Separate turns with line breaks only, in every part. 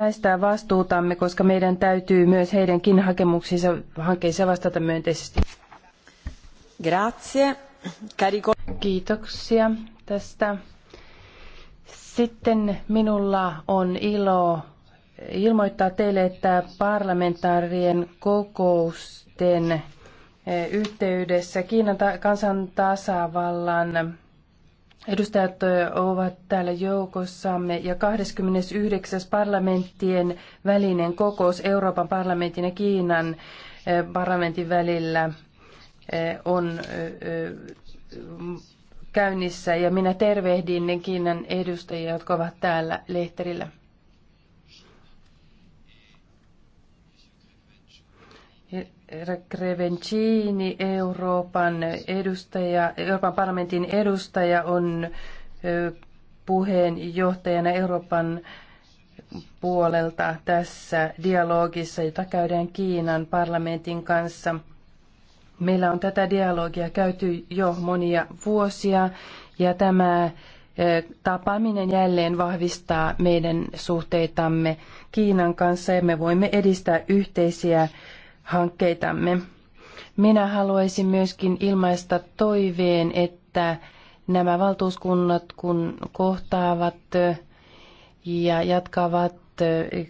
väistää vastuutamme, koska meidän täytyy myös heidänkin hakemuksiinsa hankkeissa vastata myönteisesti. Grazie. Carico. Kiitoksia tästä. Sitten minulla on ilo ilmoittaa teille, että parlamentaarien kokousten eh, yhteydessä Kiinan kansantasavallan edustajat ovat täällä joukossamme ja 29. parlamenttien välinen kokous Euroopan parlamentin ja Kiinan parlamentin välillä on käynnissä ja minä tervehdin ne Kiinan edustajia, jotka ovat täällä lehterillä. Grevencini, Euroopan edustaja, Euroopan parlamentin edustaja on puheenjohtajana Euroopan puolelta tässä dialogissa, jota käydään Kiinan parlamentin kanssa. Meillä on tätä dialogia käyty jo monia vuosia ja tämä tapaaminen jälleen vahvistaa meidän suhteitamme Kiinan kanssa ja me voimme edistää yhteisiä hankkeitamme. Minä haluaisin myöskin ilmaista toiveen, että nämä valtuuskunnat kun kohtaavat ja jatkavat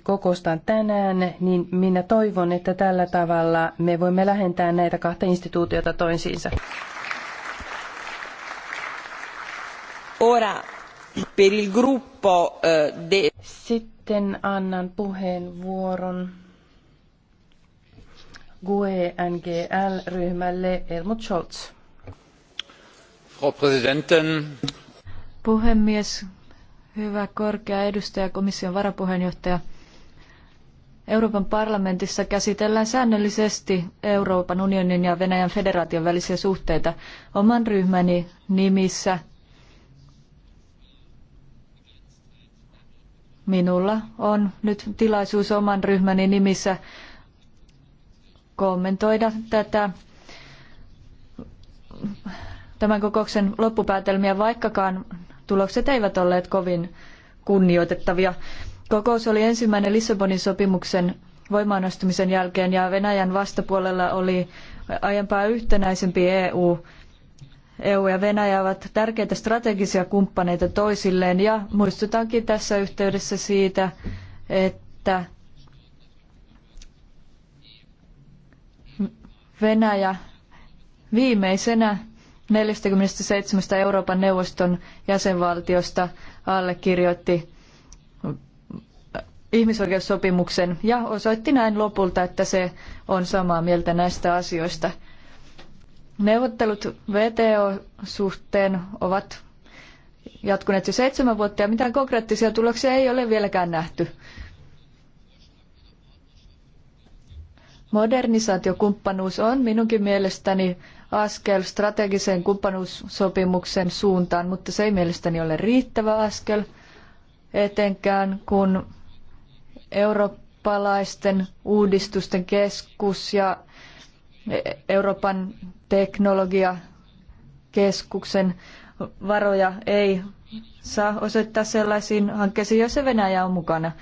kokoustaan tänään, niin minä toivon, että tällä tavalla me voimme lähentää näitä kahta instituutiota toisiinsa. Ora, per il gruppo eh, de... Sitten annan puheenvuoron GUE-NGL-ryhmälle Helmut Scholz.
Frau Präsidentin. Puhemies, hyvä korkea edustaja, komission varapuheenjohtaja. Euroopan parlamentissa käsitellään säännöllisesti Euroopan unionin ja Venäjän federaation välisiä suhteita oman ryhmäni nimissä. Minulla on nyt tilaisuus oman ryhmäni nimissä kommentoida tätä tämän kokouksen loppupäätelmiä, vaikkakaan tulokset eivät olleet kovin kunnioitettavia. Kokous oli ensimmäinen Lissabonin sopimuksen voimaanastumisen jälkeen ja Venäjän vastapuolella oli aiempaa yhtenäisempi EU. EU ja Venäjä ovat tärkeitä strategisia kumppaneita toisilleen ja muistutankin tässä yhteydessä siitä, että Venäjä viimeisenä 47 Euroopan neuvoston jäsenvaltiosta allekirjoitti ihmisoikeussopimuksen ja osoitti näin lopulta, että se on samaa mieltä näistä asioista. Neuvottelut VTO-suhteen ovat jatkuneet jo seitsemän vuotta ja mitään konkreettisia tuloksia ei ole vieläkään nähty. Modernisaatiokumppanuus on minunkin mielestäni askel strategisen kumppanuussopimuksen suuntaan, mutta se ei mielestäni ole riittävä askel, etenkään kun eurooppalaisten uudistusten keskus ja e- Euroopan teknologiakeskuksen varoja ei saa osoittaa sellaisiin hankkeisiin, joissa Venäjä on mukana.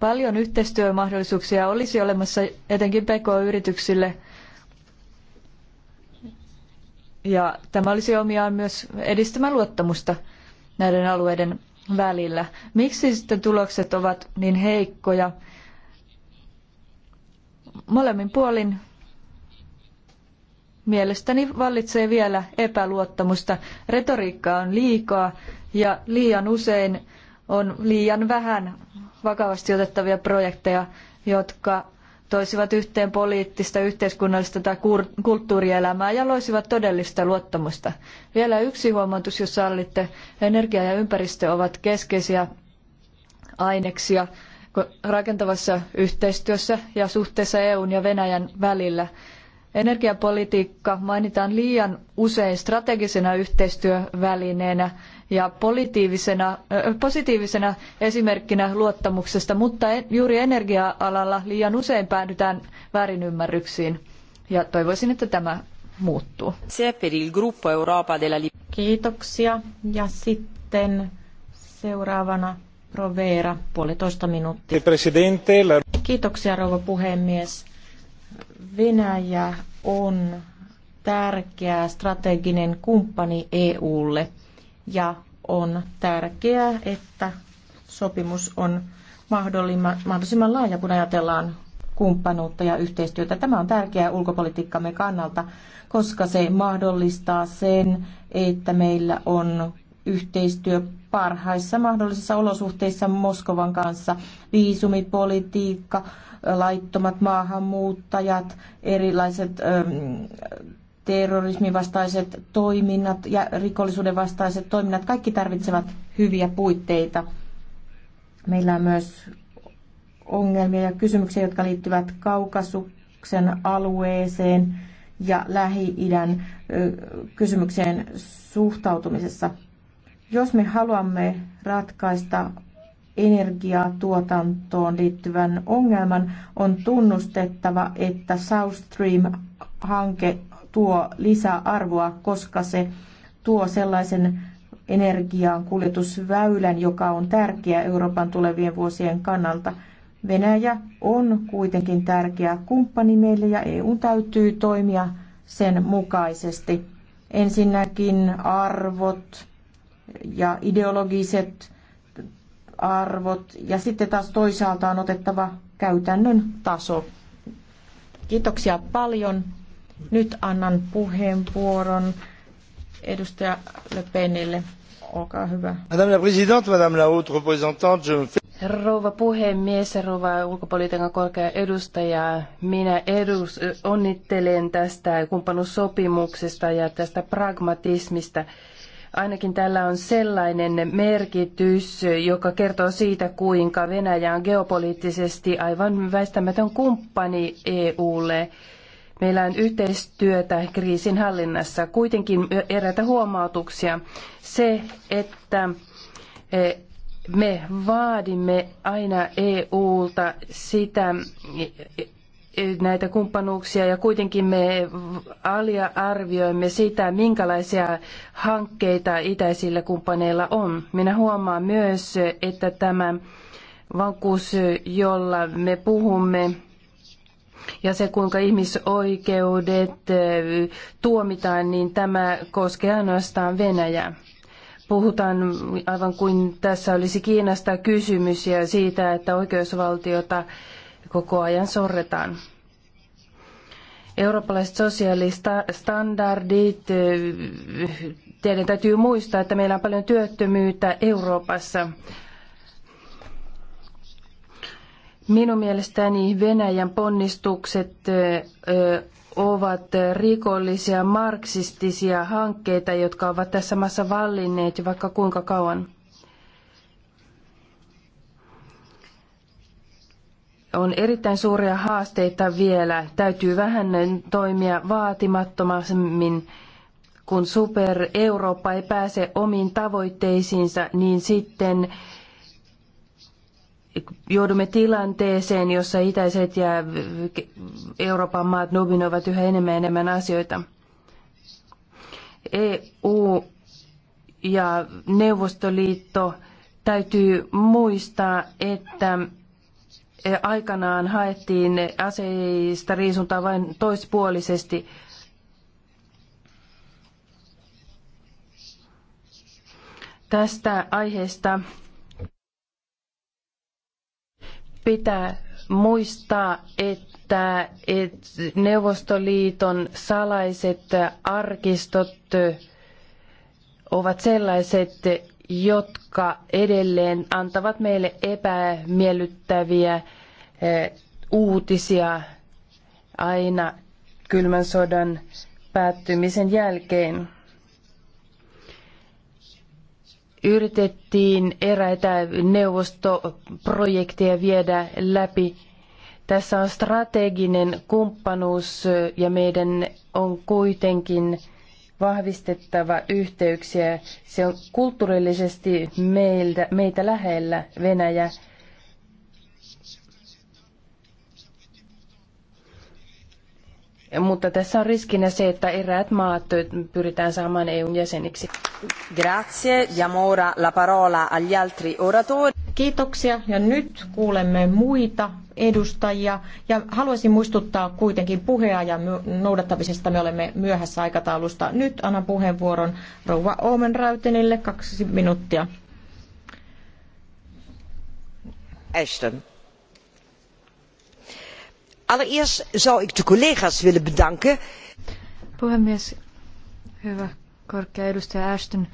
Paljon yhteistyömahdollisuuksia olisi olemassa etenkin PK-yrityksille. Ja tämä olisi omiaan myös edistämään luottamusta näiden alueiden välillä. Miksi sitten tulokset ovat niin heikkoja? Molemmin puolin mielestäni vallitsee vielä epäluottamusta. Retoriikkaa on liikaa ja liian usein on liian vähän vakavasti otettavia projekteja, jotka toisivat yhteen poliittista, yhteiskunnallista tai kulttuurielämää ja loisivat todellista luottamusta. Vielä yksi huomautus, jos sallitte. Energia ja ympäristö ovat keskeisiä aineksia rakentavassa yhteistyössä ja suhteessa EUn ja Venäjän välillä. Energiapolitiikka mainitaan liian usein strategisena yhteistyövälineenä ja positiivisena esimerkkinä luottamuksesta, mutta juuri energia-alalla liian usein päädytään väärinymmärryksiin.
Ja toivoisin, että tämä
muuttuu. Se Europa della
Kiitoksia. Ja sitten seuraavana Provera, puolitoista minuuttia. Kiitoksia rouva puhemies. Venäjä on tärkeä strateginen kumppani EUlle ja on tärkeää, että sopimus on mahdollisimman laaja, kun ajatellaan kumppanuutta ja yhteistyötä. Tämä on tärkeää ulkopolitiikkamme kannalta, koska se mahdollistaa sen, että meillä on yhteistyö parhaissa mahdollisissa olosuhteissa Moskovan kanssa, viisumipolitiikka, laittomat maahanmuuttajat, erilaiset ähm, terrorismin vastaiset toiminnat ja rikollisuuden vastaiset toiminnat, kaikki tarvitsevat hyviä puitteita. Meillä on myös ongelmia ja kysymyksiä, jotka liittyvät kaukasuksen alueeseen ja Lähi-idän kysymykseen suhtautumisessa. Jos me haluamme ratkaista energiatuotantoon liittyvän ongelman, on tunnustettava, että South Stream-hanke tuo lisäarvoa, koska se tuo sellaisen energian kuljetusväylän, joka on tärkeä Euroopan tulevien vuosien kannalta. Venäjä on kuitenkin tärkeä kumppani meille ja EU täytyy toimia sen mukaisesti. Ensinnäkin arvot ja ideologiset arvot ja sitten taas toisaalta on otettava käytännön taso. Kiitoksia paljon. Nyt annan puheenvuoron edustaja
Le Penille. Olkaa hyvä. Madame la présidente, madame la haute représentante, je me fais... Rouva puhemies ja rouva ulkopolitiikan korkea edustaja, minä edus, onnittelen tästä kumppanuussopimuksesta ja tästä pragmatismista. Ainakin tällä on sellainen merkitys, joka kertoo siitä, kuinka Venäjä on geopoliittisesti aivan väistämätön kumppani EUlle. Meillä on yhteistyötä kriisin hallinnassa. Kuitenkin eräitä huomautuksia. Se, että e, me vaadimme aina EUlta sitä, näitä kumppanuuksia ja kuitenkin me aliarvioimme sitä, minkälaisia hankkeita itäisillä kumppaneilla on. Minä huomaan myös, että tämä vankuus, jolla me puhumme, ja se, kuinka ihmisoikeudet eh, tuomitaan, niin tämä koskee ainoastaan Venäjää puhutaan aivan kuin tässä olisi Kiinasta kysymys ja siitä, että oikeusvaltiota koko ajan sorretaan. Eurooppalaiset sosiaalistandardit, eh, teidän täytyy muistaa, että meillä on paljon työttömyyttä Euroopassa. Minun mielestäni Venäjän ponnistukset eh, eh, ovat rikollisia marksistisia hankkeita, jotka ovat tässä maassa vallinneet jo vaikka kuinka kauan. on erittäin suuria haasteita vielä. Täytyy vähän toimia vaatimattomammin. Kun Super Eurooppa ei pääse omiin tavoitteisiinsa, niin sitten joudumme tilanteeseen, jossa itäiset ja Euroopan maat dominoivat yhä enemmän ja enemmän asioita. EU ja Neuvostoliitto täytyy muistaa, että aikanaan haettiin aseista riisuntaa vain toispuolisesti. Tästä aiheesta pitää muistaa, että Neuvostoliiton salaiset arkistot ovat sellaiset, jotka edelleen antavat meille epämiellyttäviä eh, uutisia aina kylmän sodan päättymisen jälkeen. Yritettiin eräitä neuvostoprojekteja viedä läpi. Tässä on strateginen kumppanuus eh, ja meidän on kuitenkin vahvistettava yhteyksiä. Se on kulttuurillisesti meiltä, meitä lähellä Venäjä. Mutta tässä on riskinä se, että eräät maat pyritään saamaan EUn jäseniksi. Grazie. Diamo ora la parola agli altri oratori. Kiitoksia ja
nyt kuulemme muita edustajia ja haluaisin muistuttaa kuitenkin puheajan noudattamisesta. Me olemme myöhässä aikataulusta. Nyt annan puheenvuoron rouva Oomen Räytenille kaksi
minuuttia. Ashton. Allereerst zou ik de collega's willen bedanken.
Puhemies, hyvä korkea edustaja Ashton.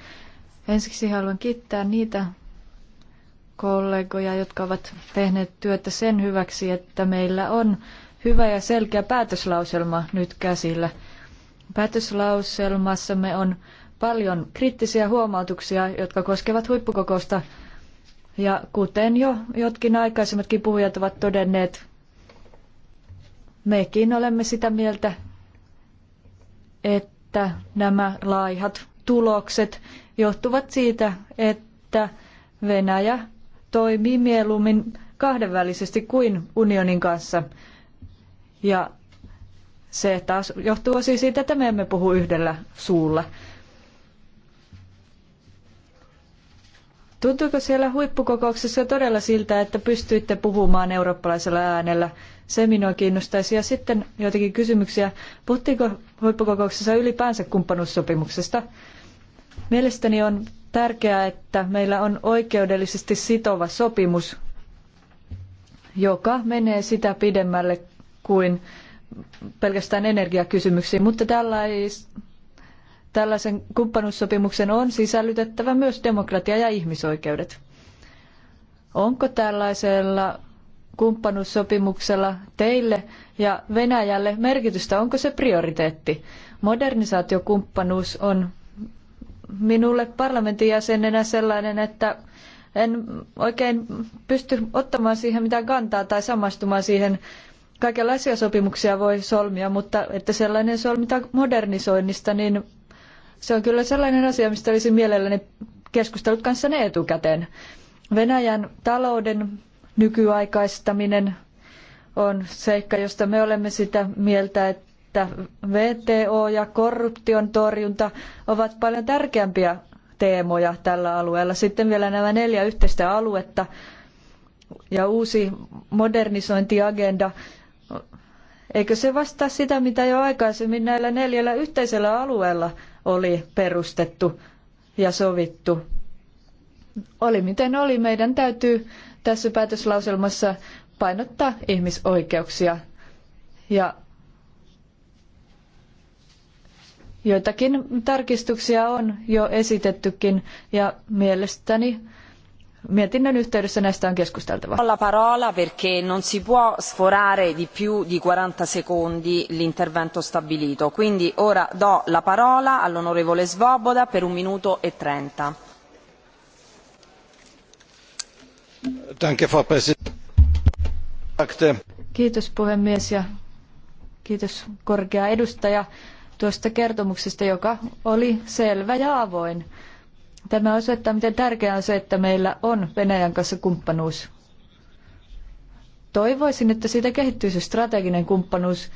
Ensiksi haluan kiittää niitä kollegoja, jotka ovat tehneet työtä sen hyväksi, että meillä on hyvä ja selkeä päätöslauselma nyt käsillä. Päätöslauselmassamme on paljon kriittisiä huomautuksia, jotka koskevat huippukokousta. Ja kuten jo jotkin aikaisemmatkin puhujat ovat todenneet, mekin olemme sitä mieltä, että nämä laihat tulokset johtuvat siitä, että Venäjä toimii mieluummin kahdenvälisesti kuin unionin kanssa. Ja se taas johtuu siis siitä, että me emme puhu yhdellä suulla. Tuntuuko siellä huippukokouksessa todella siltä, että pystyitte puhumaan eurooppalaisella äänellä? Se minua kiinnostaisi. Ja sitten joitakin kysymyksiä. Puhuttiinko huippukokouksessa ylipäänsä kumppanuussopimuksesta? Mielestäni on tärkeää, että meillä on oikeudellisesti sitova sopimus, joka menee sitä pidemmälle kuin pelkästään energiakysymyksiin, mutta tällais, tällaisen kumppanuussopimuksen on sisällytettävä myös demokratia ja ihmisoikeudet. Onko tällaisella kumppanuussopimuksella teille ja Venäjälle merkitystä? Onko se prioriteetti? Modernisaatiokumppanuus on minulle parlamentin jäsenenä sellainen, että en oikein pysty ottamaan siihen mitään kantaa tai samastumaan siihen. Kaikenlaisia sopimuksia voi solmia, mutta että sellainen solmitaan modernisoinnista, niin se on kyllä sellainen asia, mistä olisin mielelläni keskustellut kanssanne etukäteen. Venäjän talouden nykyaikaistaminen on seikka, josta me olemme sitä mieltä, että että VTO ja korruption torjunta ovat paljon tärkeämpiä teemoja tällä alueella. Sitten vielä nämä neljä yhteistä aluetta ja uusi modernisointiagenda. Eikö se vastaa sitä, mitä jo aikaisemmin näillä neljällä yhteisellä alueella oli perustettu ja sovittu? Oli miten oli, meidän täytyy tässä päätöslauselmassa painottaa ihmisoikeuksia ja Joitakin tarkistuksia on jo esitettykin ja mielestäni mietinnön yhteydessä näistä on keskusteltava.
La parola perché non si può sforare di più di 40 secondi l'intervento stabilito. Quindi ora do la parola all'onorevole Svoboda per un minuto e 30.
Danke, Frau
Kiitos puhemies ja kiitos korkea edustaja tuosta kertomuksesta, joka oli selvä ja avoin. Tämä osoittaa, miten tärkeää on se, että meillä on Venäjän kanssa kumppanuus. Toivoisin, että siitä kehittyisi strateginen kumppanuus,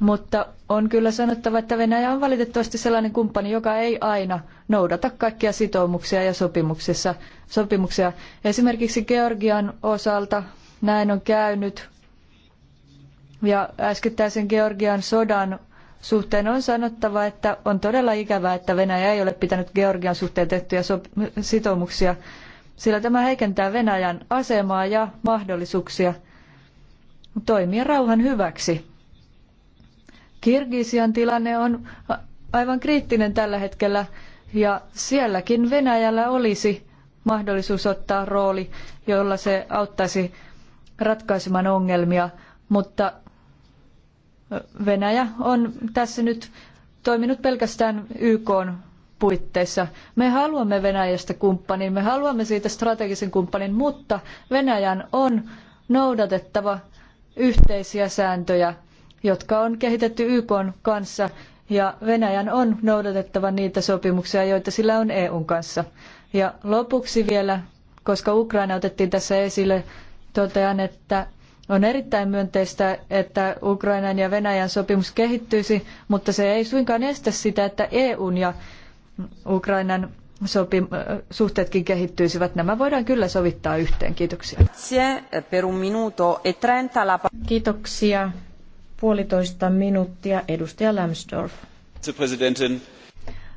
mutta on kyllä sanottava, että Venäjä on valitettavasti sellainen kumppani, joka ei aina noudata kaikkia sitoumuksia ja sopimuksissa, sopimuksia. Esimerkiksi Georgian osalta näin on käynyt. Ja äskettäisen Georgian sodan suhteen on sanottava, että on todella ikävää, että Venäjä ei ole pitänyt Georgian suhteen tehtyjä sitoumuksia, sillä tämä heikentää Venäjän asemaa ja mahdollisuuksia toimia rauhan hyväksi. Kirgisian tilanne on aivan kriittinen tällä hetkellä ja sielläkin Venäjällä olisi mahdollisuus ottaa rooli, jolla se auttaisi ratkaisemaan ongelmia, mutta Venäjä on tässä nyt toiminut pelkästään YK puitteissa. Me haluamme Venäjästä kumppanin, me haluamme siitä strategisen kumppanin, mutta Venäjän on noudatettava yhteisiä sääntöjä, jotka on kehitetty YK kanssa ja Venäjän on noudatettava niitä sopimuksia, joita sillä on EUn kanssa. Ja lopuksi vielä, koska Ukraina otettiin tässä esille, totean, että on erittäin myönteistä, että Ukrainan ja Venäjän sopimus kehittyisi, mutta se ei suinkaan estä sitä, että EUn ja Ukrainan suhteetkin kehittyisivät. Nämä voidaan kyllä sovittaa yhteen. Kiitoksia.
E Kiitoksia. Puolitoista minuuttia. Edustaja Lambsdorff.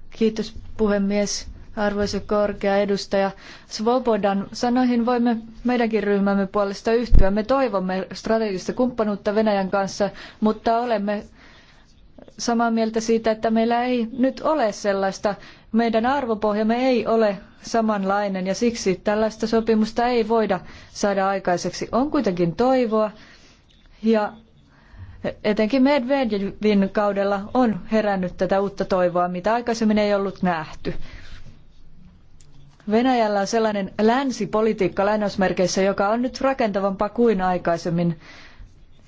Kiitos puhemies
arvoisa korkea edustaja Svobodan sanoihin voimme meidänkin ryhmämme puolesta yhtyä. Me toivomme strategista kumppanuutta Venäjän kanssa, mutta olemme samaa mieltä siitä, että meillä ei nyt ole sellaista. Meidän arvopohjamme ei ole samanlainen ja siksi tällaista sopimusta ei voida saada aikaiseksi. On kuitenkin toivoa ja etenkin Medvedevin kaudella on herännyt tätä uutta toivoa, mitä aikaisemmin ei ollut nähty. Venäjällä on sellainen länsipolitiikka lainausmerkeissä, joka on nyt rakentavampaa kuin aikaisemmin.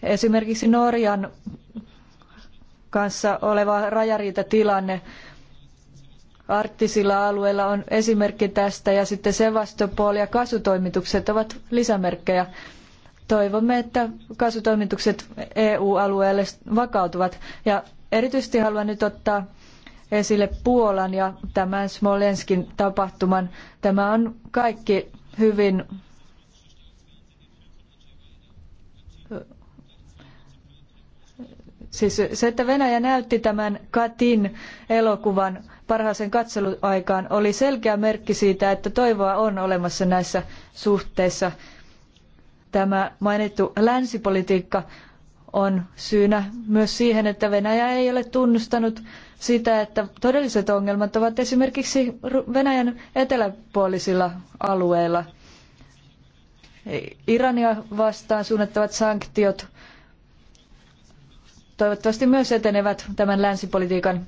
Esimerkiksi Norjan kanssa oleva rajariitatilanne arktisilla alueilla on esimerkki tästä ja sitten Sevastopol ja kasutoimitukset ovat lisämerkkejä. Toivomme, että kasutoimitukset EU-alueelle vakautuvat ja erityisesti haluan nyt ottaa esille Puolan ja tämän Smolenskin tapahtuman. Tämä on kaikki hyvin Siis se, että Venäjä näytti tämän Katin elokuvan parhaaseen katseluaikaan, oli selkeä merkki siitä, että toivoa on olemassa näissä suhteissa. Tämä mainittu länsipolitiikka on syynä myös siihen, että Venäjä ei ole tunnustanut sitä, että todelliset ongelmat ovat esimerkiksi Venäjän eteläpuolisilla alueilla. Irania vastaan suunnattavat sanktiot toivottavasti myös etenevät tämän länsipolitiikan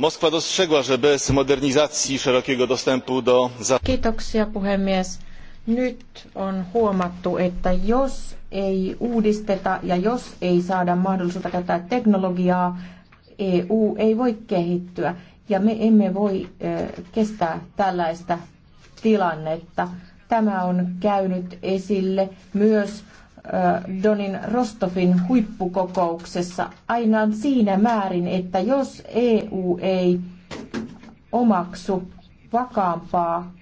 moskwa dostrzegła że bez modernizacji szerokiego dostępu do
Kiitoksia puhemies. Nyt on huomattu, että jos ei uudisteta ja jos ei saada mahdollisuutta käyttää teknologiaa, EU ei voi kehittyä ja me emme voi kestää tällaista tilannetta. Tämä on käynyt esille myös Donin Rostovin huippukokouksessa aina siinä määrin, että jos EU ei omaksu vakaampaa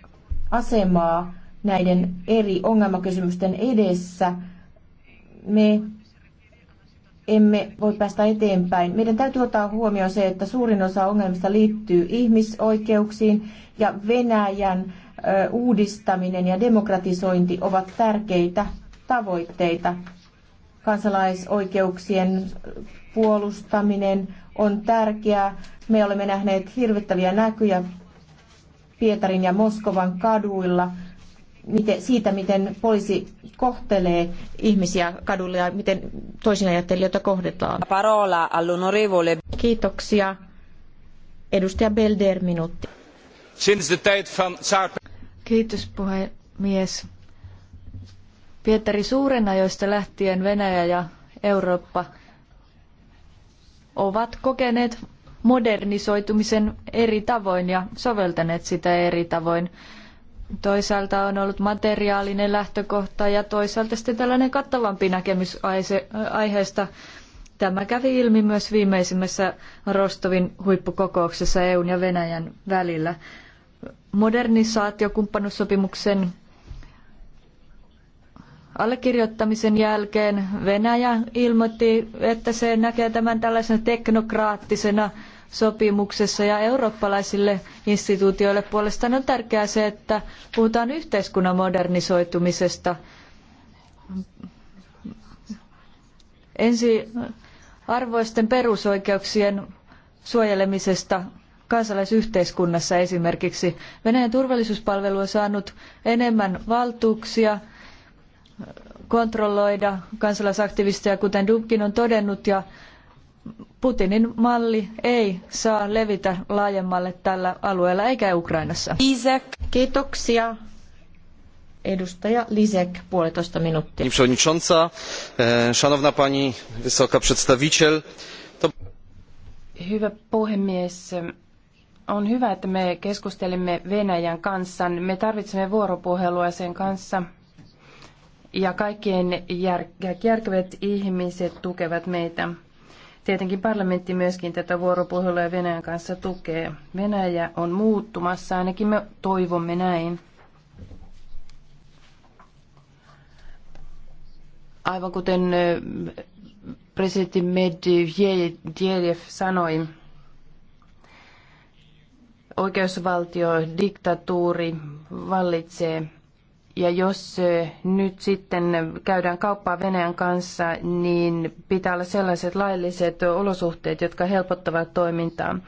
asemaa näiden eri ongelmakysymysten edessä, me emme voi päästä eteenpäin. Meidän täytyy ottaa huomioon se, että suurin osa ongelmista liittyy ihmisoikeuksiin ja Venäjän uudistaminen ja demokratisointi ovat tärkeitä tavoitteita. Kansalaisoikeuksien puolustaminen on tärkeää. Me olemme nähneet hirvittäviä näkyjä Pietarin ja Moskovan kaduilla miten, siitä, miten poliisi kohtelee ihmisiä kadulla ja miten ajattelijoita kohdetaan.
Parola all'onorevole. Kiitoksia.
Edustaja Belder, minuutti.
Sinds de tijd van
Kiitos puhemies. Pietari
ajoista lähtien Venäjä ja Eurooppa ovat kokeneet modernisoitumisen eri tavoin ja soveltaneet sitä eri tavoin. Toisaalta on ollut materiaalinen lähtökohta ja toisaalta sitten tällainen kattavampi näkemys aiheesta. Tämä kävi ilmi myös viimeisimmässä Rostovin huippukokouksessa EUn ja Venäjän välillä. Modernisaatiokumppanuussopimuksen Allekirjoittamisen jälkeen Venäjä ilmoitti, että se näkee tämän tällaisena teknokraattisena sopimuksessa ja eurooppalaisille instituutioille puolestaan on tärkeää se, että puhutaan yhteiskunnan modernisoitumisesta. Ensi arvoisten perusoikeuksien suojelemisesta kansalaisyhteiskunnassa esimerkiksi. Venäjän turvallisuuspalvelu on saanut enemmän valtuuksia kontrolloida kansalaisaktivisteja, kuten Dubkin on todennut, ja Putinin malli ei saa levitä laajemmalle tällä alueella eikä Ukrainassa. Lisek.
Kiitoksia. Edustaja Lisek, puolitoista minuuttia.
Pani przewodnicząca, e, szanowna pani wysoka przedstawiciel. to
Hyvä puhemies, on hyvä, että me keskustelimme Venäjän kanssa. Me tarvitsemme vuoropuhelua sen kanssa – ja kaikkien jär, järkevät ihmiset tukevat meitä. Tietenkin parlamentti myöskin tätä vuoropuhelua Venäjän kanssa tukee. Venäjä on muuttumassa, ainakin me toivomme näin. Aivan kuten presidentti Medvedev sanoi, oikeusvaltio, diktatuuri vallitsee ja jos nyt sitten käydään kauppaa Venäjän kanssa, niin pitää olla sellaiset lailliset olosuhteet, jotka helpottavat toimintaa.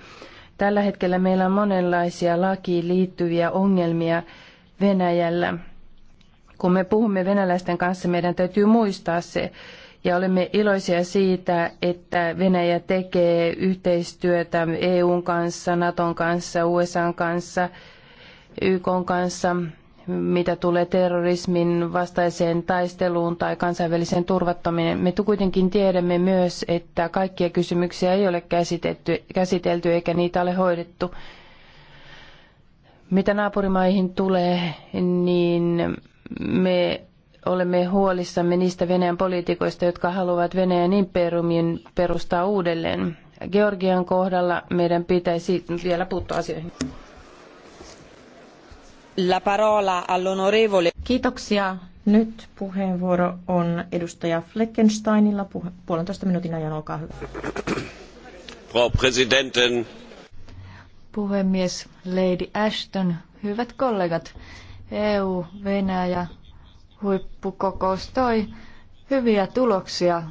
Tällä hetkellä meillä on monenlaisia lakiin liittyviä ongelmia Venäjällä. Kun me puhumme venäläisten kanssa, meidän täytyy muistaa se. Ja olemme iloisia siitä, että Venäjä tekee yhteistyötä EUn kanssa, Naton kanssa, USAn kanssa, YKn kanssa – mitä tulee terrorismin vastaiseen taisteluun tai kansainväliseen turvattomiin. Me kuitenkin tiedämme myös, että kaikkia kysymyksiä ei ole käsitelty, käsitelty eikä niitä ole hoidettu. Mitä naapurimaihin tulee, niin me olemme huolissamme niistä Venäjän poliitikoista, jotka haluavat Venäjän imperiumin perustaa uudelleen. Georgian kohdalla meidän pitäisi vielä puuttua asioihin.
La
parola all'onorevole.
Kiitoksia.
Nyt puheenvuoro on
edustaja Fleckensteinilla puhe- puolentoista minuutin ajan. Olkaa hyvä.
Frau
Präsidentin.
Puhemies Lady Ashton, hyvät
kollegat. EU-Venäjä huippukokous toi hyviä tuloksia,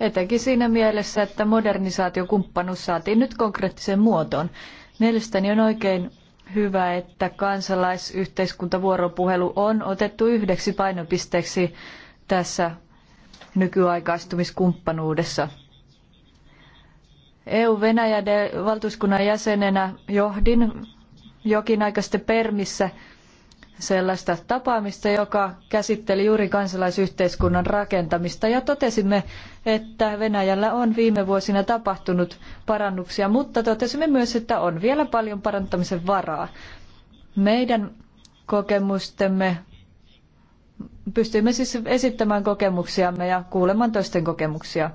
etenkin siinä mielessä, että modernisaatiokumppanuus saatiin nyt konkreettiseen muotoon. Mielestäni on oikein hyvä, että kansalaisyhteiskuntavuoropuhelu on otettu yhdeksi painopisteeksi tässä nykyaikaistumiskumppanuudessa. EU-Venäjä valtuuskunnan jäsenenä johdin jokin aika sitten Permissä sellaista tapaamista, joka käsitteli juuri kansalaisyhteiskunnan rakentamista ja totesimme, että Venäjällä on viime vuosina tapahtunut parannuksia, mutta totesimme myös, että on vielä paljon parantamisen varaa. Meidän kokemustemme, pystyimme siis esittämään kokemuksiamme ja kuulemaan toisten kokemuksia.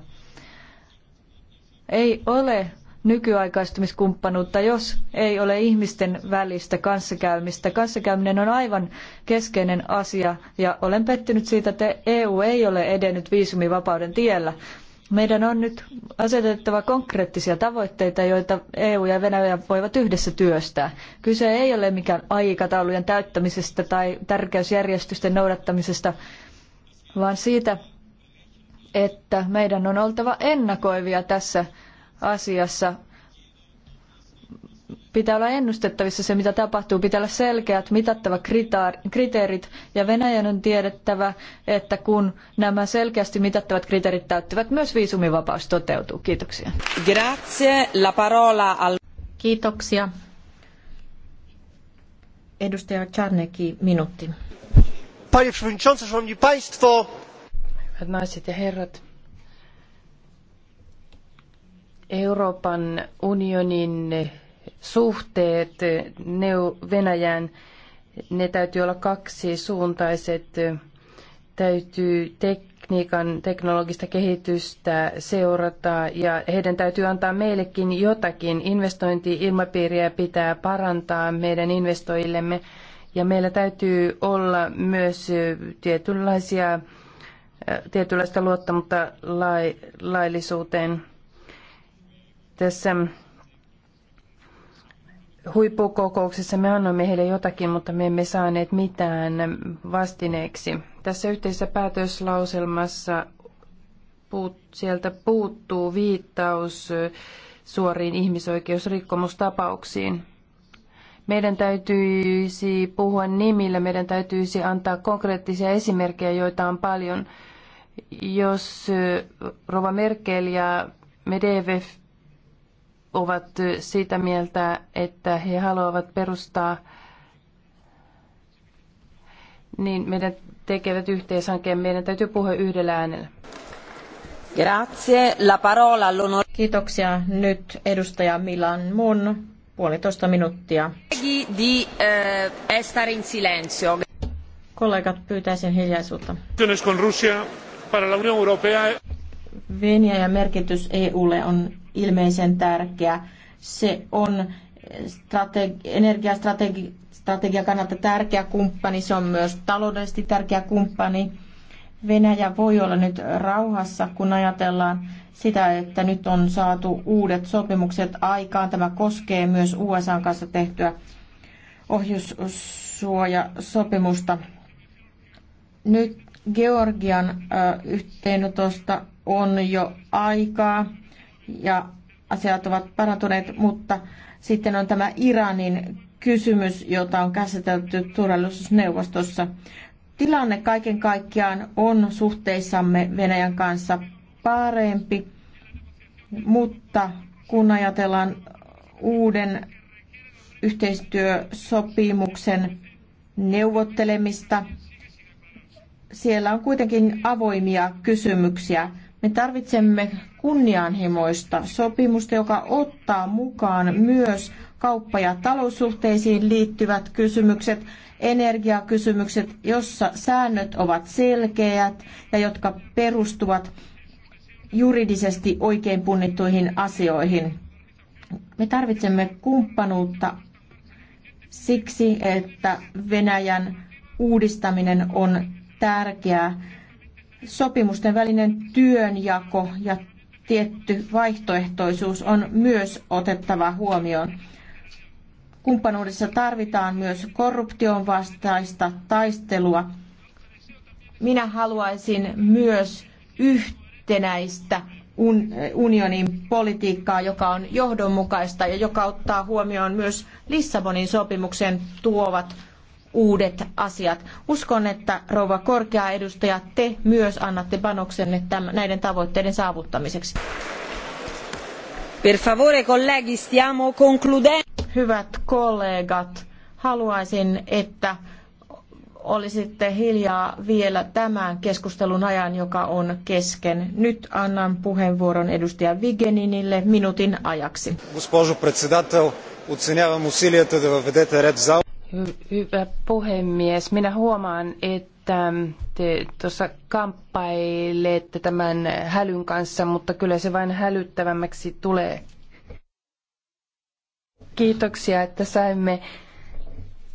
Ei ole nykyaikaistumiskumppanuutta, jos ei ole ihmisten välistä kanssakäymistä. Kanssakäyminen on aivan keskeinen asia ja olen pettynyt siitä, että EU ei ole edennyt viisumivapauden tiellä. Meidän on nyt asetettava konkreettisia tavoitteita, joita EU ja Venäjä voivat yhdessä työstää. Kyse ei ole mikään aikataulujen täyttämisestä tai tärkeysjärjestysten noudattamisesta, vaan siitä, että meidän on oltava ennakoivia tässä asiassa pitää olla ennustettavissa se, mitä tapahtuu, pitää olla selkeät, mitattavat kriteerit, ja Venäjän on tiedettävä, että kun nämä selkeästi mitattavat kriteerit täyttyvät, myös viisumivapaus toteutuu. Kiitoksia.
Grazie, la parola al... Kiitoksia. Edustaja
Czarnecki, minuutti.
Panie przewodniczący, szanowni państwo!
Hyvät naiset ja herrat, Euroopan unionin suhteet Venäjään, ne täytyy olla kaksi suuntaiset. Täytyy tekniikan, teknologista kehitystä seurata ja heidän täytyy antaa meillekin jotakin. Investointi-ilmapiiriä pitää parantaa meidän investoillemme ja meillä täytyy olla myös tietynlaisia, tietynlaista luottamusta laillisuuteen tässä huippukokouksessa me annoimme heille jotakin, mutta me emme saaneet mitään vastineeksi. Tässä yhteisessä päätöslauselmassa puut, sieltä puuttuu viittaus suoriin ihmisoikeusrikkomustapauksiin. Meidän täytyisi puhua nimillä, meidän täytyisi antaa konkreettisia esimerkkejä, joita on paljon. Jos Rova Merkel ja Medvedev ovat sitä mieltä, että he haluavat perustaa, niin meidän tekevät yhteishankkeen. Meidän täytyy puhua yhdellä äänellä. Grazie. La parola all'onore. Kiitoksia. Nyt
edustaja Milan Mun, puolitoista minuuttia. Di, eh, estare
in silenzio.
Kollegat, pyytäisin hiljaisuutta.
Venäjä
Venäjän merkitys EUlle on ilmeisen tärkeä. Se on strategi- energiastrategian kannalta tärkeä kumppani, se on myös taloudellisesti tärkeä kumppani. Venäjä voi olla nyt rauhassa, kun ajatellaan sitä, että nyt on saatu uudet sopimukset aikaan. Tämä koskee myös USA kanssa tehtyä ohjussuojasopimusta. Nyt Georgian yhteenotosta on jo aikaa ja asiat ovat parantuneet, mutta sitten on tämä Iranin kysymys, jota on käsitelty turvallisuusneuvostossa. Tilanne kaiken kaikkiaan on suhteissamme Venäjän kanssa parempi, mutta kun ajatellaan uuden yhteistyösopimuksen neuvottelemista, siellä on kuitenkin avoimia kysymyksiä. Me tarvitsemme kunnianhimoista sopimusta, joka ottaa mukaan myös kauppa- ja taloussuhteisiin liittyvät kysymykset, energiakysymykset, jossa säännöt ovat selkeät ja jotka perustuvat juridisesti oikein punnittuihin asioihin. Me tarvitsemme kumppanuutta siksi, että Venäjän uudistaminen on tärkeää. Sopimusten välinen työnjako ja tietty vaihtoehtoisuus on myös otettava huomioon. Kumppanuudessa tarvitaan myös korruption vastaista taistelua. Minä haluaisin myös yhtenäistä unionin politiikkaa, joka on johdonmukaista ja joka ottaa huomioon myös Lissabonin sopimuksen tuomat uudet asiat. Uskon, että rouva korkea edustaja, te myös annatte panoksenne tämän, näiden tavoitteiden saavuttamiseksi. Per favore, colleghi, stiamo concludendo. Hyvät kollegat, haluaisin, että olisitte hiljaa vielä tämän keskustelun ajan, joka on kesken. Nyt annan puheenvuoron edustaja Vigeninille minuutin ajaksi. Госпожо председател, оценявам усилията да въведете ред в зал.
Hyvä puhemies. Minä huomaan, että te tuossa kamppailette tämän hälyn kanssa, mutta kyllä se vain hälyttävämmäksi tulee. Kiitoksia, että saimme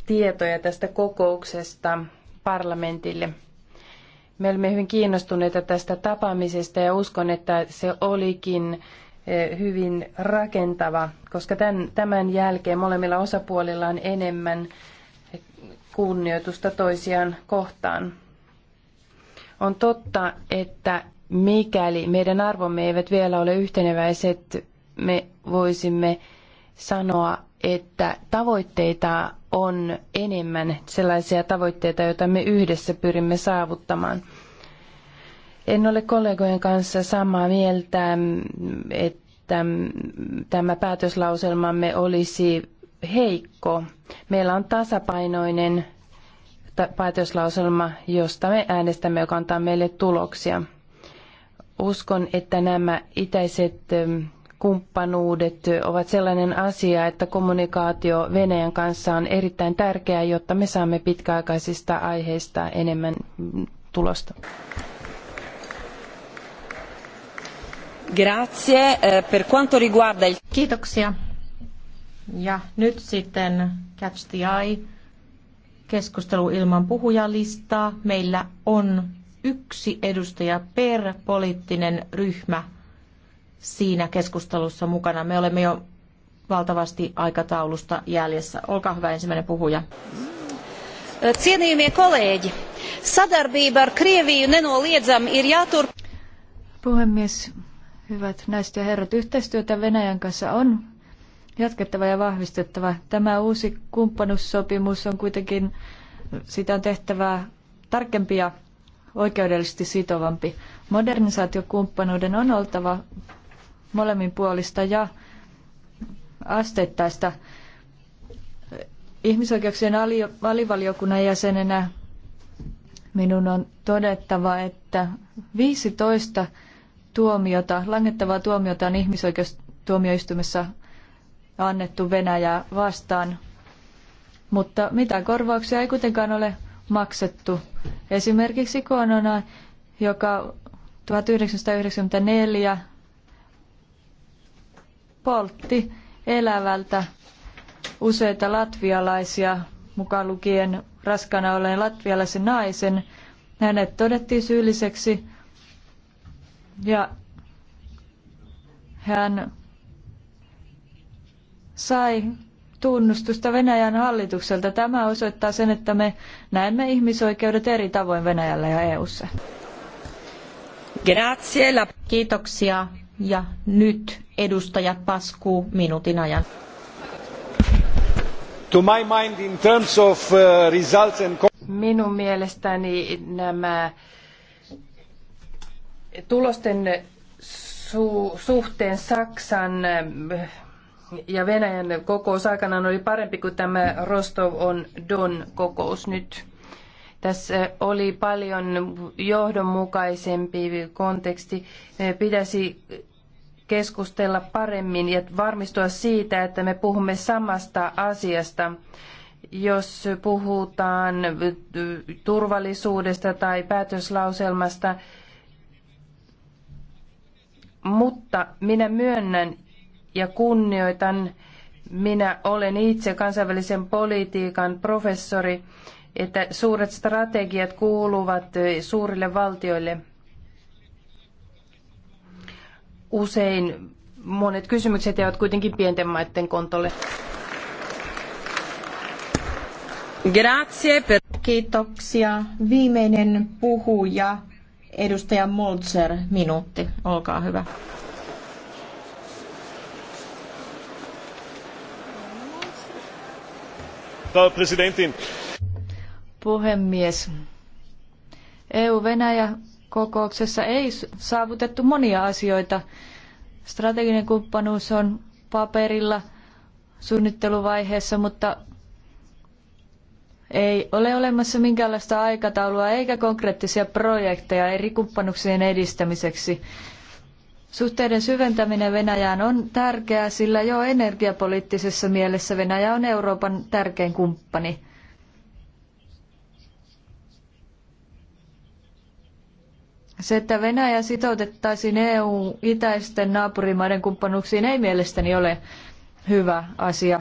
tietoja tästä kokouksesta parlamentille. Me olemme hyvin kiinnostuneita tästä tapaamisesta ja uskon, että se olikin hyvin rakentava, koska tämän, tämän jälkeen molemmilla osapuolilla on enemmän kunnioitusta toisiaan kohtaan. On totta, että mikäli meidän arvomme eivät vielä ole yhteneväiset, me voisimme sanoa, että tavoitteita on enemmän sellaisia tavoitteita, joita me yhdessä pyrimme saavuttamaan. En ole kollegojen kanssa samaa mieltä, että tämä päätöslauselmamme olisi heikko. Meillä on tasapainoinen päätöslauselma, josta me äänestämme, joka antaa meille tuloksia. Uskon, että nämä itäiset ähm, kumppanuudet ovat sellainen asia, että kommunikaatio Venäjän kanssa on erittäin tärkeää, jotta me saamme pitkäaikaisista aiheista enemmän mm, tulosta.
Grazie. Eh, per quanto riguarda il... Kiitoksia.
Ja nyt sitten Catch the Eye. Keskustelu ilman puhujalistaa. Meillä on yksi edustaja per poliittinen ryhmä siinä keskustelussa mukana. Me olemme jo valtavasti aikataulusta jäljessä. Olkaa hyvä ensimmäinen puhuja. Eh, cienījamie kolēģi, sadarbība ar Krieviju nenoliedzami ir jātur...
Puhemies, Hyvät naiset ja herrat, yhteistyötä Venäjän kanssa on jatkettava ja vahvistettava. Tämä uusi kumppanussopimus on kuitenkin, sitä on tehtävää tarkempi ja oikeudellisesti sitovampi. Modernisaatiokumppanuuden on oltava molemmin puolista ja asteittaista. Ihmisoikeuksien alivaliokunnan jäsenenä minun on todettava, että 15 tuomiota, langettavaa tuomiota on ihmisoikeustuomioistuimessa annettu Venäjää vastaan, mutta mitään korvauksia ei kuitenkaan ole maksettu. Esimerkiksi Konona, joka 1994 poltti elävältä useita latvialaisia, mukaan lukien raskana olleen latvialaisen naisen. Hänet todettiin syylliseksi ja hän sai tunnustusta Venäjän hallitukselta. Tämä osoittaa sen, että me näemme ihmisoikeudet eri tavoin Venäjällä ja EU:ssa.
Grazie. Kiitoksia. Ja nyt edustajat paskuu minuutin ajan. To my mind, in terms of uh,
and... Minun mielestäni nämä tulosten su- suhteen Saksan ja Venäjän kokous aikanaan oli parempi kuin tämä Rostov on Don kokous nyt. Tässä oli paljon johdonmukaisempi konteksti. Me pitäisi keskustella paremmin ja varmistua siitä, että me puhumme samasta asiasta. Jos puhutaan turvallisuudesta tai päätöslauselmasta, mutta minä myönnän ja kunnioitan, minä olen itse kansainvälisen politiikan professori, että suuret strategiat kuuluvat suurille valtioille. Usein monet kysymykset jäävät kuitenkin pienten maiden kontolle. Grazie
per... Kiitoksia. Viimeinen puhuja Edustaja Moltser, minuutti, olkaa hyvä.
Puhemies. EU-Venäjä kokouksessa ei saavutettu monia asioita. Strateginen kumppanuus on paperilla suunnitteluvaiheessa, mutta ei ole olemassa minkäänlaista aikataulua eikä konkreettisia projekteja eri kumppanuksien edistämiseksi. Suhteiden syventäminen Venäjään on tärkeää, sillä jo energiapoliittisessa mielessä Venäjä on Euroopan tärkein kumppani. Se, että Venäjä sitoutettaisiin EU-itäisten naapurimaiden kumppanuuksiin ei mielestäni ole hyvä asia.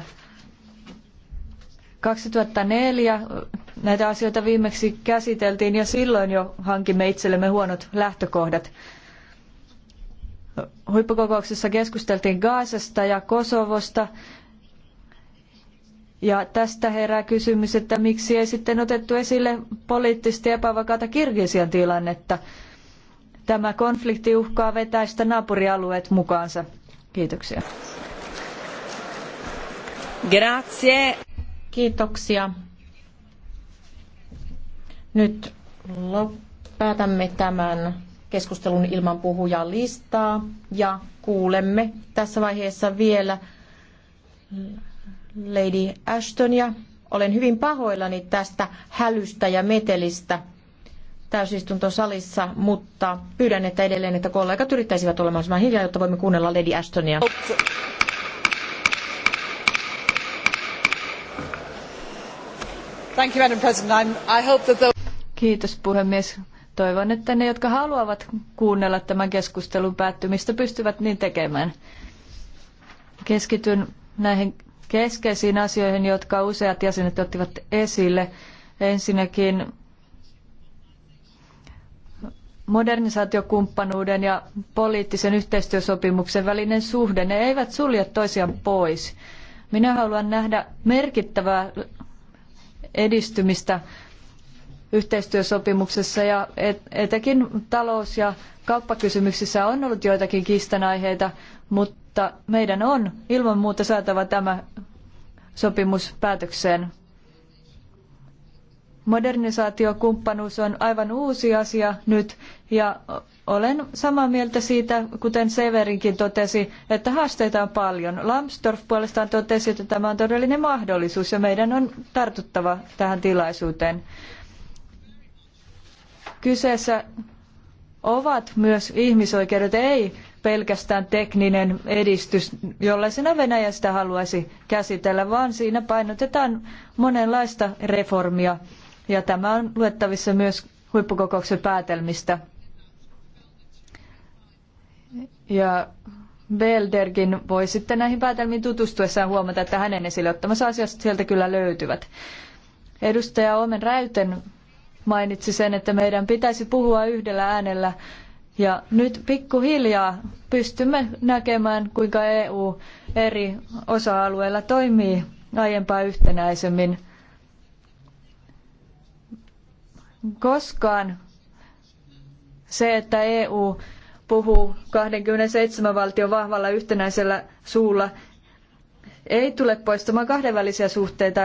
2004 näitä asioita viimeksi käsiteltiin ja silloin jo hankimme itsellemme huonot lähtökohdat. Huippukokouksessa keskusteltiin Gaasasta ja Kosovosta. Ja tästä herää kysymys, että miksi ei sitten otettu esille poliittisesti epävakaata Kirgisian tilannetta. Tämä konflikti uhkaa vetäistä naapurialueet mukaansa. Kiitoksia.
Grazie. Kiitoksia. Nyt päätämme tämän keskustelun ilman puhujaa listaa ja kuulemme tässä vaiheessa vielä Lady Ashtonia. Olen hyvin pahoillani tästä hälystä ja metelistä täysistuntosalissa, mutta pyydän, että edelleen, että kollegat yrittäisivät olla mahdollisimman hiljaa, jotta voimme kuunnella Lady Ashtonia. Madam
President. I hope that those... Kiitos puhemies. Toivon, että ne, jotka haluavat kuunnella tämän keskustelun päättymistä, pystyvät niin tekemään. Keskityn näihin keskeisiin asioihin, jotka useat jäsenet ottivat esille. Ensinnäkin modernisaatiokumppanuuden ja poliittisen yhteistyösopimuksen välinen suhde, ne eivät sulje toisiaan pois. Minä haluan nähdä merkittävää edistymistä yhteistyösopimuksessa ja etenkin talous- ja kauppakysymyksissä on ollut joitakin kiistanaiheita, mutta meidän on ilman muuta saatava tämä sopimus päätökseen. Modernisaatiokumppanuus on aivan uusi asia nyt ja olen samaa mieltä siitä, kuten Severinkin totesi, että haasteita on paljon. Lambsdorff puolestaan totesi, että tämä on todellinen mahdollisuus ja meidän on tartuttava tähän tilaisuuteen. Kyseessä ovat myös ihmisoikeudet, ei pelkästään tekninen edistys, jollaisena Venäjä sitä haluaisi käsitellä, vaan siinä painotetaan monenlaista reformia. Ja tämä on luettavissa myös huippukokouksen päätelmistä. Ja Beldergin voi sitten näihin päätelmiin tutustuessaan huomata, että hänen esille ottamassa asiasta sieltä kyllä löytyvät. Edustaja Omen Räyten mainitsi sen, että meidän pitäisi puhua yhdellä äänellä. Ja nyt pikkuhiljaa pystymme näkemään, kuinka EU eri osa-alueilla toimii aiempaa yhtenäisemmin. Koskaan se, että EU puhuu 27 valtion vahvalla yhtenäisellä suulla, ei tule poistamaan kahdenvälisiä suhteita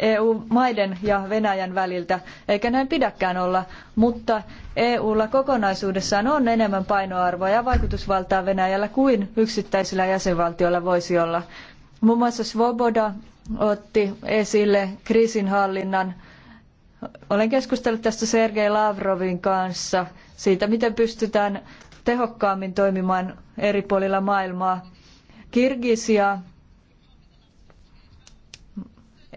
EU-maiden ja Venäjän väliltä, eikä näin pidäkään olla, mutta EUlla kokonaisuudessaan on enemmän painoarvoa ja vaikutusvaltaa Venäjällä kuin yksittäisillä jäsenvaltioilla voisi olla. Muun muassa Svoboda otti esille kriisinhallinnan. Olen keskustellut tästä Sergei Lavrovin kanssa siitä, miten pystytään tehokkaammin toimimaan eri puolilla maailmaa. Kirgisia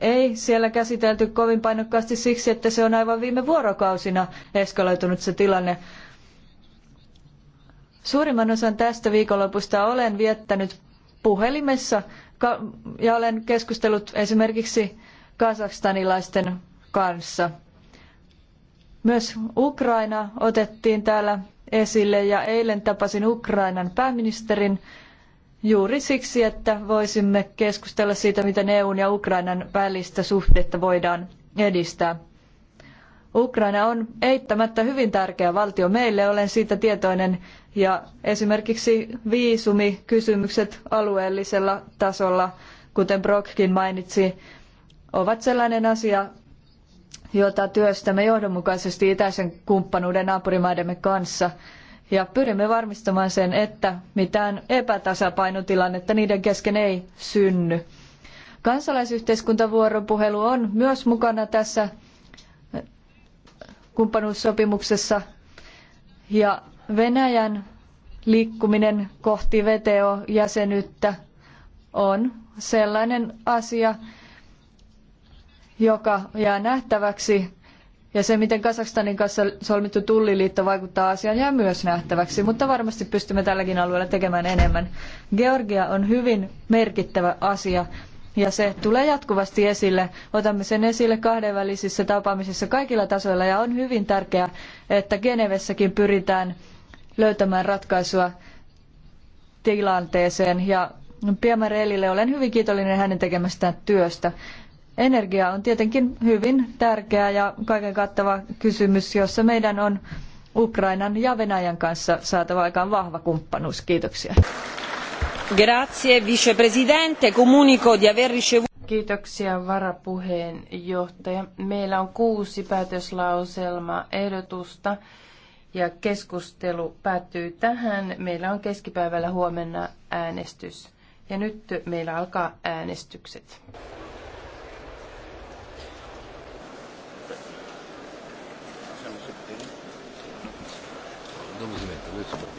ei siellä käsitelty kovin painokkaasti siksi, että se on aivan viime vuorokausina eskaloitunut se tilanne. Suurimman osan tästä viikonlopusta olen viettänyt puhelimessa ja olen keskustellut esimerkiksi kasakstanilaisten kanssa. Myös Ukraina otettiin täällä esille ja eilen tapasin Ukrainan pääministerin juuri siksi, että voisimme keskustella siitä, miten EUn ja Ukrainan välistä suhdetta voidaan edistää. Ukraina on eittämättä hyvin tärkeä valtio meille, olen siitä tietoinen, ja esimerkiksi viisumikysymykset alueellisella tasolla, kuten Brockkin mainitsi, ovat sellainen asia, jota työstämme johdonmukaisesti itäisen kumppanuuden naapurimaidemme kanssa. Ja pyrimme varmistamaan sen, että mitään epätasapainotilannetta niiden kesken ei synny. Kansalaisyhteiskuntavuoropuhelu on myös mukana tässä kumppanuussopimuksessa ja Venäjän liikkuminen kohti VTO-jäsenyyttä on sellainen asia, joka jää nähtäväksi. Ja se, miten Kazakstanin kanssa solmittu tulliliitto vaikuttaa asiaan, jää myös nähtäväksi, mutta varmasti pystymme tälläkin alueella tekemään enemmän. Georgia on hyvin merkittävä asia ja se tulee jatkuvasti esille. Otamme sen esille kahdenvälisissä tapaamisissa kaikilla tasoilla ja on hyvin tärkeää, että Genevessäkin pyritään löytämään ratkaisua tilanteeseen ja Piemarellille olen hyvin kiitollinen hänen tekemästään työstä. Energia on tietenkin hyvin tärkeä ja kaiken kattava kysymys, jossa meidän on Ukrainan ja Venäjän kanssa saatava aikaan vahva kumppanuus.
Kiitoksia. Grazie, vicepresidente. Comunico di aver ricevuto... Kiitoksia varapuheenjohtaja. Meillä on kuusi päätöslauselmaehdotusta ehdotusta ja keskustelu päättyy tähän. Meillä on keskipäivällä huomenna äänestys ja nyt meillä alkaa äänestykset.
dove